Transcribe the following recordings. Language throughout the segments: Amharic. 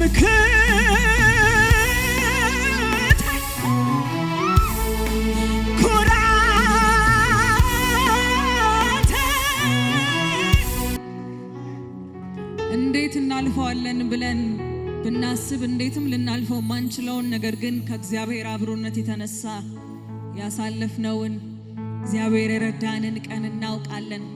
ምክት ኩራት እንዴት እናልፈዋለን ብለን ብናስብ እንዴትም ልናልፈው የማንችለውን ነገር ግን ከእግዚአብሔር አብሮነት የተነሳ ያሳለፍነውን እግዚአብሔር የረዳንን ቀን እናውቃለን።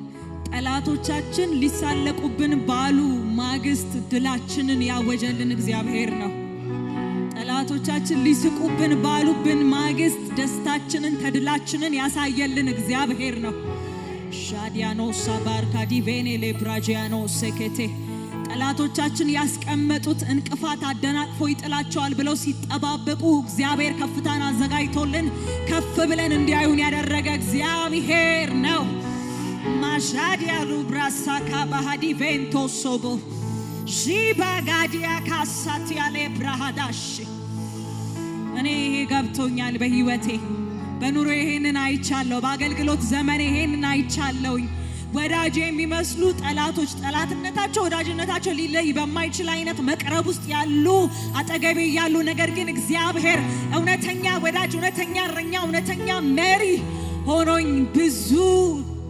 ጠላቶቻችን ሊሳለቁብን ባሉ ማግስት ድላችንን ያወጀልን እግዚአብሔር ነው። ጠላቶቻችን ሊስቁብን ባሉብን ማግስት ደስታችንን ተድላችንን ያሳየልን እግዚአብሔር ነው። ሻዲያኖ ሳባርካዲ ቬኔ ሌብራጂያኖ ሴኬቴ ጠላቶቻችን ያስቀመጡት እንቅፋት አደናቅፎ ይጥላቸዋል ብለው ሲጠባበቁ እግዚአብሔር ከፍታን አዘጋጅቶልን ከፍ ብለን እንዲያዩን ያደረገ እግዚአብሔር ነው። ማዣዲያ ሉብራሳ ካባሃዲ ቬንቶ ሶቦ ዢባ ጋዲያ ካሳት ያሌ ብራሃዳሽ እኔ ይሄ ገብቶኛል። በህይወቴ በኑሮ ይሄንን አይቻለሁ። በአገልግሎት ዘመን ይሄንን አይቻለሁኝ። ወዳጅ የሚመስሉ ጠላቶች ጠላትነታቸው ወዳጅነታቸው ሊለይ በማይችል አይነት መቅረብ ውስጥ ያሉ አጠገቤ ያሉ፣ ነገር ግን እግዚአብሔር እውነተኛ ወዳጅ፣ እውነተኛ እረኛ፣ እውነተኛ መሪ ሆኖኝ ብዙ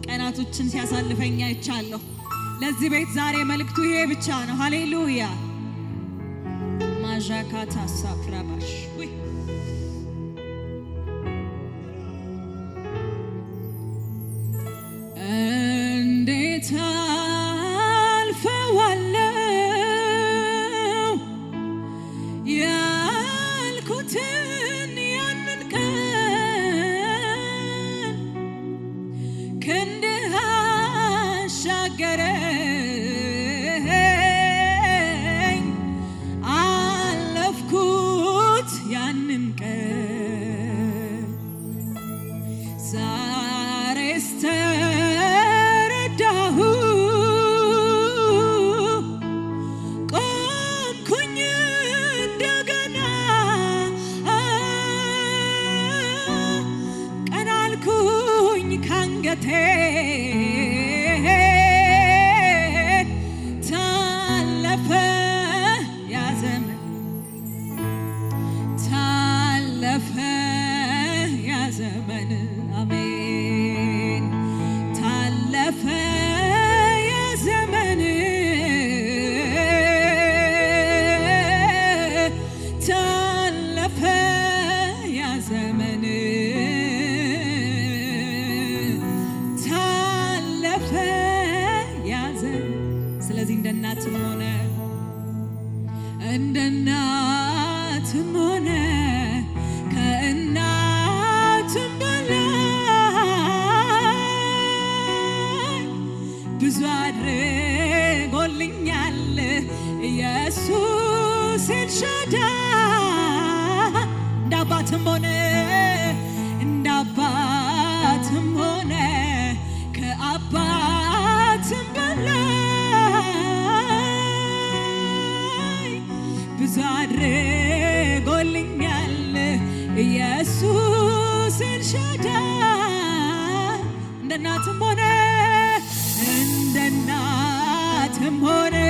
ቀናቶችን ሲያሳልፈኝ አይቻለሁ። ለዚህ ቤት ዛሬ መልእክቱ ይሄ ብቻ ነው። ሃሌሉያ ማዣካታ ሳፍራባሽ እናትም ሆነ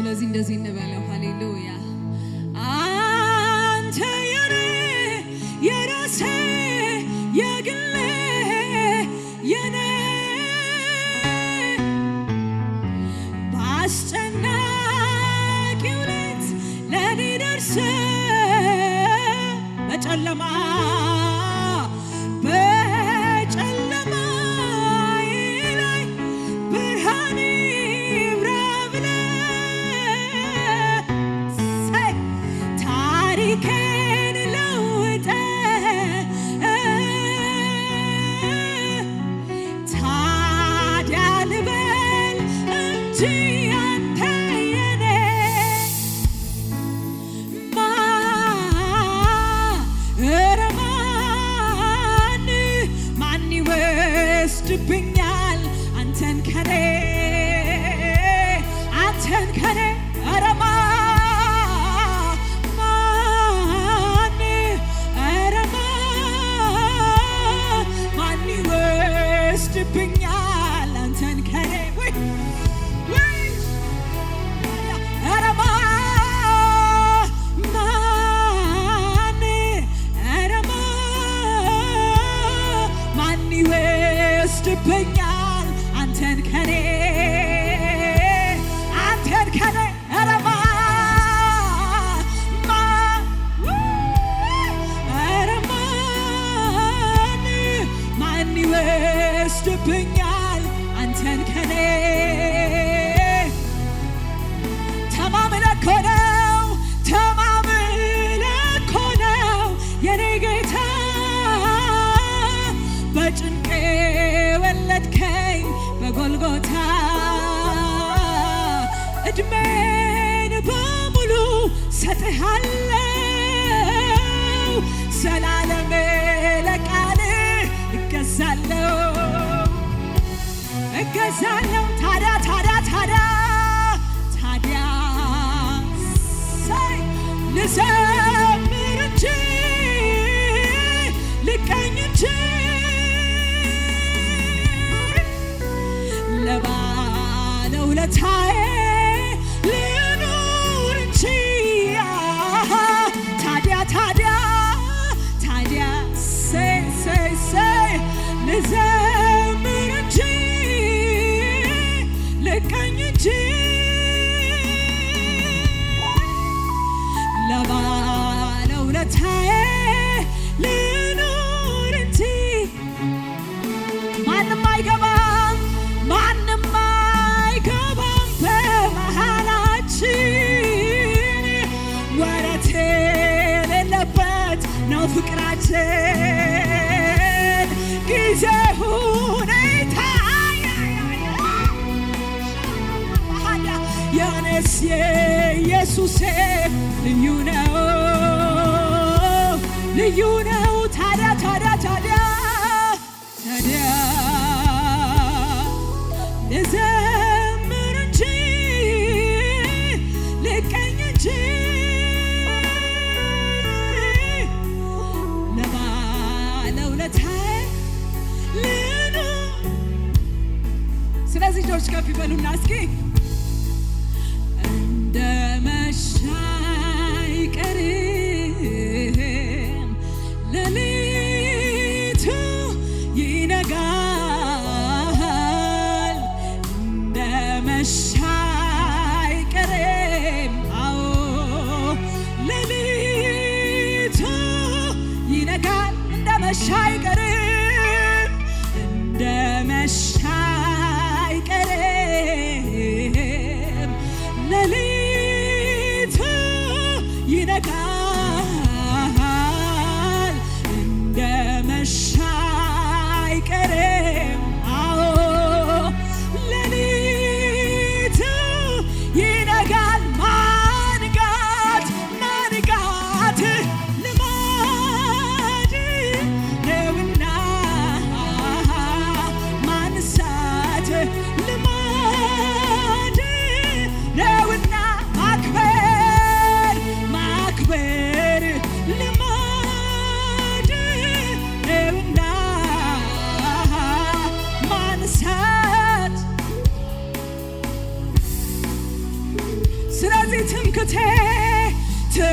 ስለዚህ እንደዚህ እንበለው። ሃሌሉያ ያድነኛል አንተን ከኔ ተማምለኮ ነው ተማምለኮ ነው የኔ ጌታ በጭንቄ ወለድከኝ በጎልጎታ እድሜን በሙሉ ሰጥሃለው ሰላ እገዛለሁ ታዲያ ታዲያ ታዲያ ታዲያ ሳይ ልዘምር እንጂ ልቀኝ እንጂ ለባለውለታዬ ያኔስ የኢየሱሴ ልዩ ነው ልዩ ነው። ታዲያ ታዲያ ታዲያ ታዲያ ልዘምር እንጂ ልቀኝ እንጂ ለባለውለታዬ ልኑ። ስለዚህ ጆች ከፍ በሉና እስኪ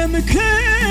in the clear.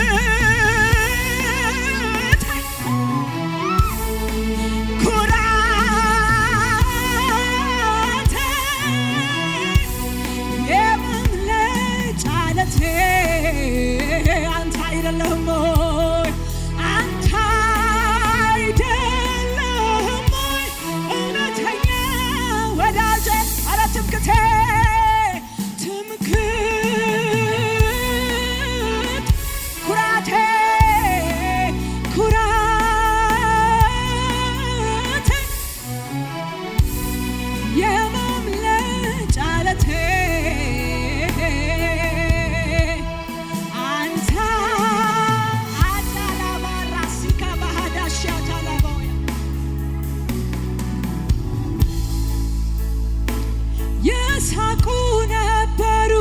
ይሳቁ ነበሩ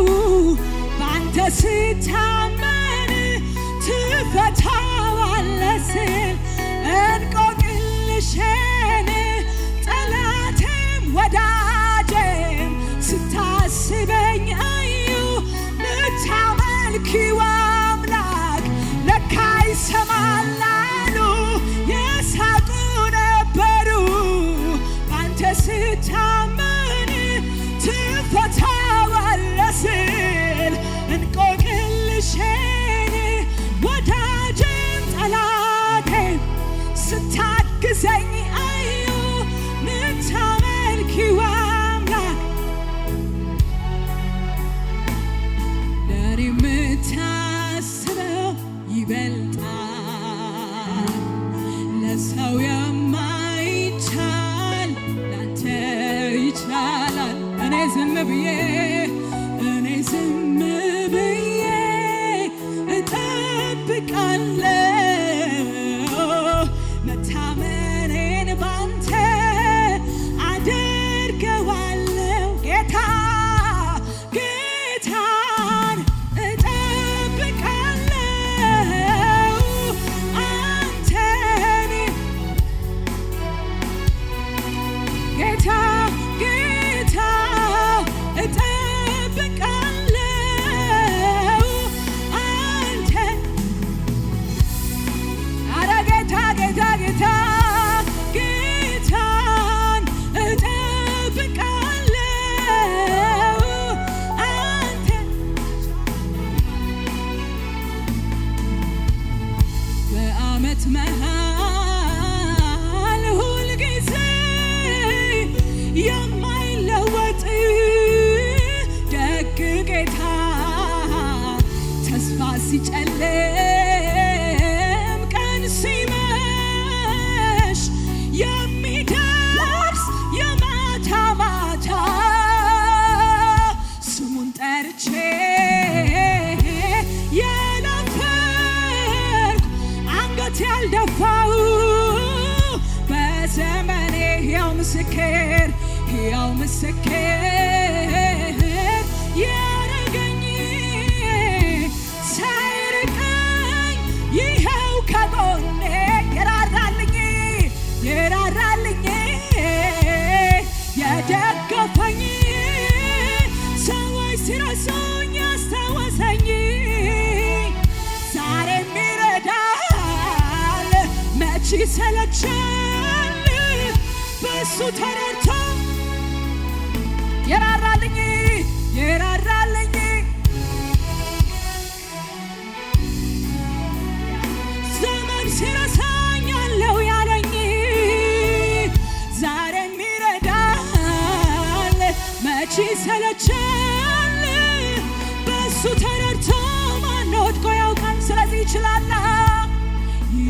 ባንተ ስታመን ትፈታዋለስል እንቆቅልሽን ጠላቴም ወዳጄም ስታስበኝ እዩ ልታመልኪው አምላክ ለካ ይሰማል እንድሰከር ያረገኝ ሳይርቀኝ ይኸው ከጎኔ የራራልኝ የራራልኝ የደገፈኝ ሰዎች ሲረሱኝ ያስታወሰኝ ዛሬ ይረዳል መቼ ይሰለቻል በሱ ተረድቶ የራራልኝ የራራልኝ ዘመን ሲረሳኝ ሲረሳኛለው ያለኝ ዛሬ የሚረዳል መቼ ሰለቸል በሱ ተረድቶ ማን ወድቆ ያውቃል? ስለዚህ ይችላል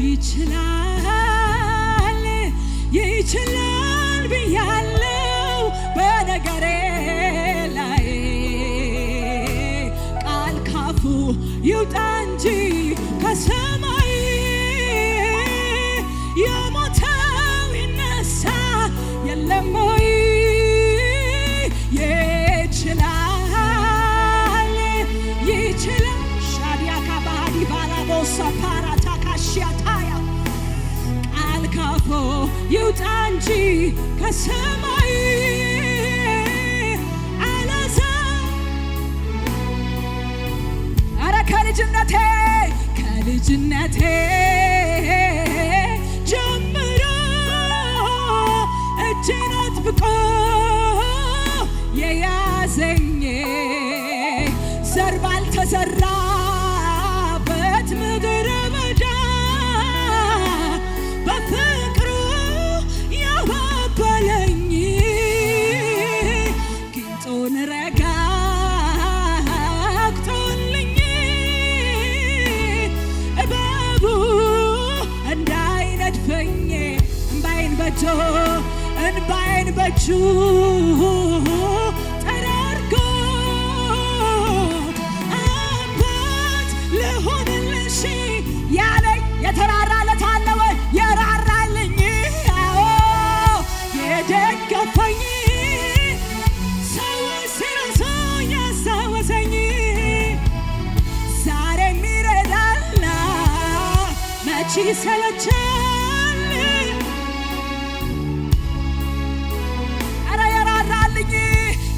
ይችላል ይችላል ብያለ ሰፓራ ታካሽያታያ ቃል ካፎ ይውጣ እንጂ ከሰማይ አለዛ አረ ከልጅነቴ ከልጅነቴ ጀምሮ እጄን አጥብቆ የያዘኝ ሲሰለቸኝ ኧረ የራራልኝ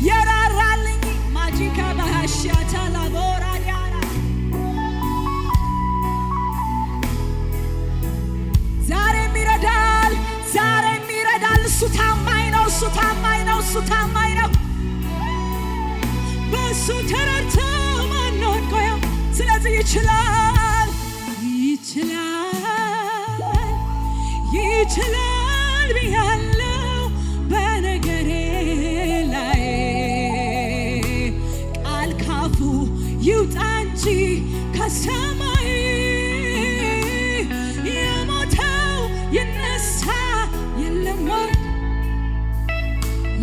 የራራልኝ ማጂካ ባህሻቻ ላቦራ ዲያራ ዛሬም ይረዳል፣ ዛሬም ይረዳል። እሱ ታማኝ ነው፣ እሱ ታማኝ ነው፣ እሱ ታማኝ ነው። በእሱ ተረድቶ ማን ነው ስለዚህ ይችላል ይችላል ይችላል ብያለው በነገሬ ላይ ቃል ካፉ ይውጣ እንጂ ከሰማይ የሞተው ይነሳ የለም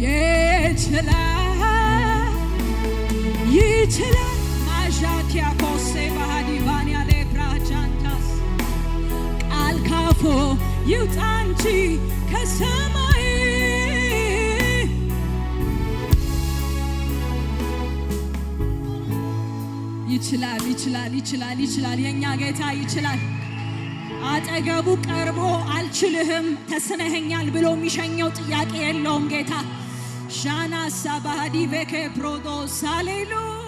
ይችላል ይችላል አዣኪያ ኮሴ ባህዲባ ተርፎ ይውጣ እንጂ ከሰማይ ይችላል ይችላል ይችላል ይችላል። የእኛ ጌታ ይችላል። አጠገቡ ቀርቦ አልችልህም ተስነኸኛል ብሎ የሚሸኘው ጥያቄ የለውም ጌታ ሻና ሳባሃዲ ቤኬ ፕሮዶስ አሌሉያ